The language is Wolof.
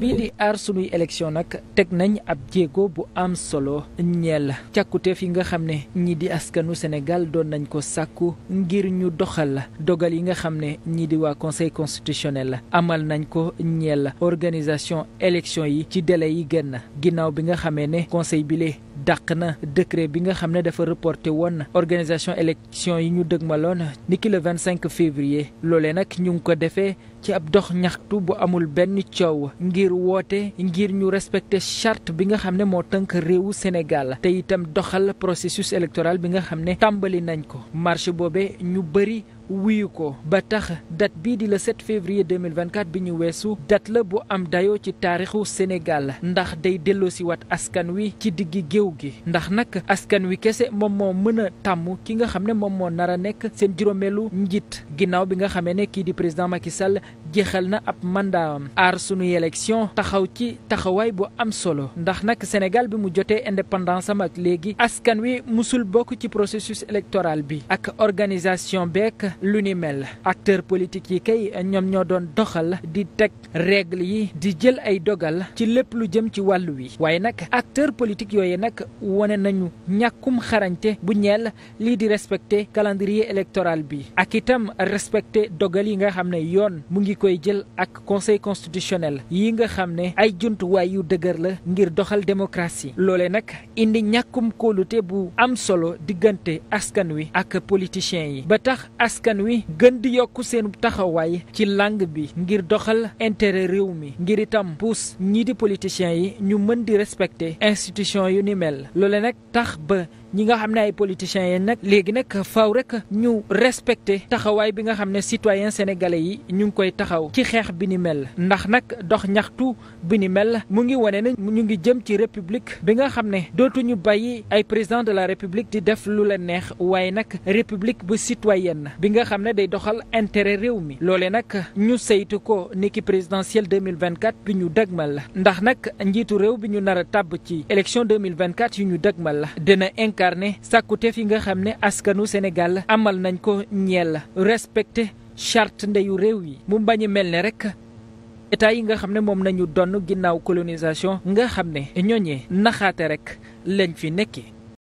bii di aar sunuy élection nag teg nañu ab jéego bu am solo ñeel càkkuteef yi nga xam ne ñii di askanu Sénégal doon nañ ko sàkku ngir ñu doxal la dogal yi nga xam ne ñii di waa conseil la amal nañ ko ñeel organisation élection yi ci délai yi gën ginnaaw bi nga xamee ne conseil bile dàq na décret bi nga xam ne dafa reporté woon organisation élection yi ñu dëgmaloon niki le vingt cinq février loolee nag ñu ngi ko defee ci ab dox ñaxtu bu amul benn coow ngir woote ngir ñu respecter charte bi nga xam ne moo tënk réewu Sénégal te itam doxal processus électoral bi nga xam ne tàmbali nañ ko marche boobee ñu bëri wuyu ko ba tax date bii di le 7 février 2024 bi ñu weesu date la bu am dayoo ci taarixu Sénégal ndax day delloosiwaat askan wi ci digg géew gi ndax nag askan wi kese moom moo mën a tàmm ki nga xam ne moom moo nar a nekk seen juróomeelu njiit ginnaaw bi nga xamee ne kii di président Macky Sall jeexal na ab mandaawam aar sunuy élection taxaw ci taxawaay bu am solo ndax nag Sénégal bi mu jotee indépendance am ak léegi askan wi mosul bokk ci processus électoral bi ak organisation beek lu ni mel acteur politique yi kay ñoom ñoo doon doxal di teg regle yi di jël ay dogal ci lépp lu jëm ci wàllu wi waaye nag acteur politique yooyu nag wane nañu ñàkkum xarañte bu ñeel lii di respecté calendrier électoral bi ak itam respecté dogal yi nga xam ne yoon mu ngi koy jël ak conseil constitutionnel yi nga xam ne ay jumtuwaay yu dëgër la ngir doxal démocratie loole nag indi ñàkkum kóolute bu am solo diggante askan wi ak politiciens yi ba tax askan wi gën di yokk seen taxawaay ci langue bi ngir doxal intérêt réew mi ngir itam puus ñii di politiciens yi ñu mën di respecter institution yu ni mel loole nag tax ba ñi nga xam ne ay politiciens yeen nag léegi nag faw rek ñu respecté taxawaay bi nga xam ne citoyen sénégalais yi ñu ngi koy taxaw ci xeex bi ni mel ndax nag dox ñaxtu bi ni mel mu ngi wane ne ñu ngi jëm ci république bi nga xam ne dootuñu bàyyi ay président de la république di def lu la neex waaye nag république bu na bi nga xam ne day doxal intérêt réew mi loolee nag ñu saytu ko niki présidentielle 2024 bi ñu dëgmal ndax nag njiitu réew bi ñu nar a tàbb ci élection 2024 yu ñu dëgmal dina yaakaar ne yi nga xam ne askanu Sénégal amal nañ ko ñeel respecte charte ndeyu réew yi mu bañ a mel ne rek état yi nga xam ne moom nañu donn ginnaaw colonisation nga xam ne ñooñee naxaate rek lañ fi nekkee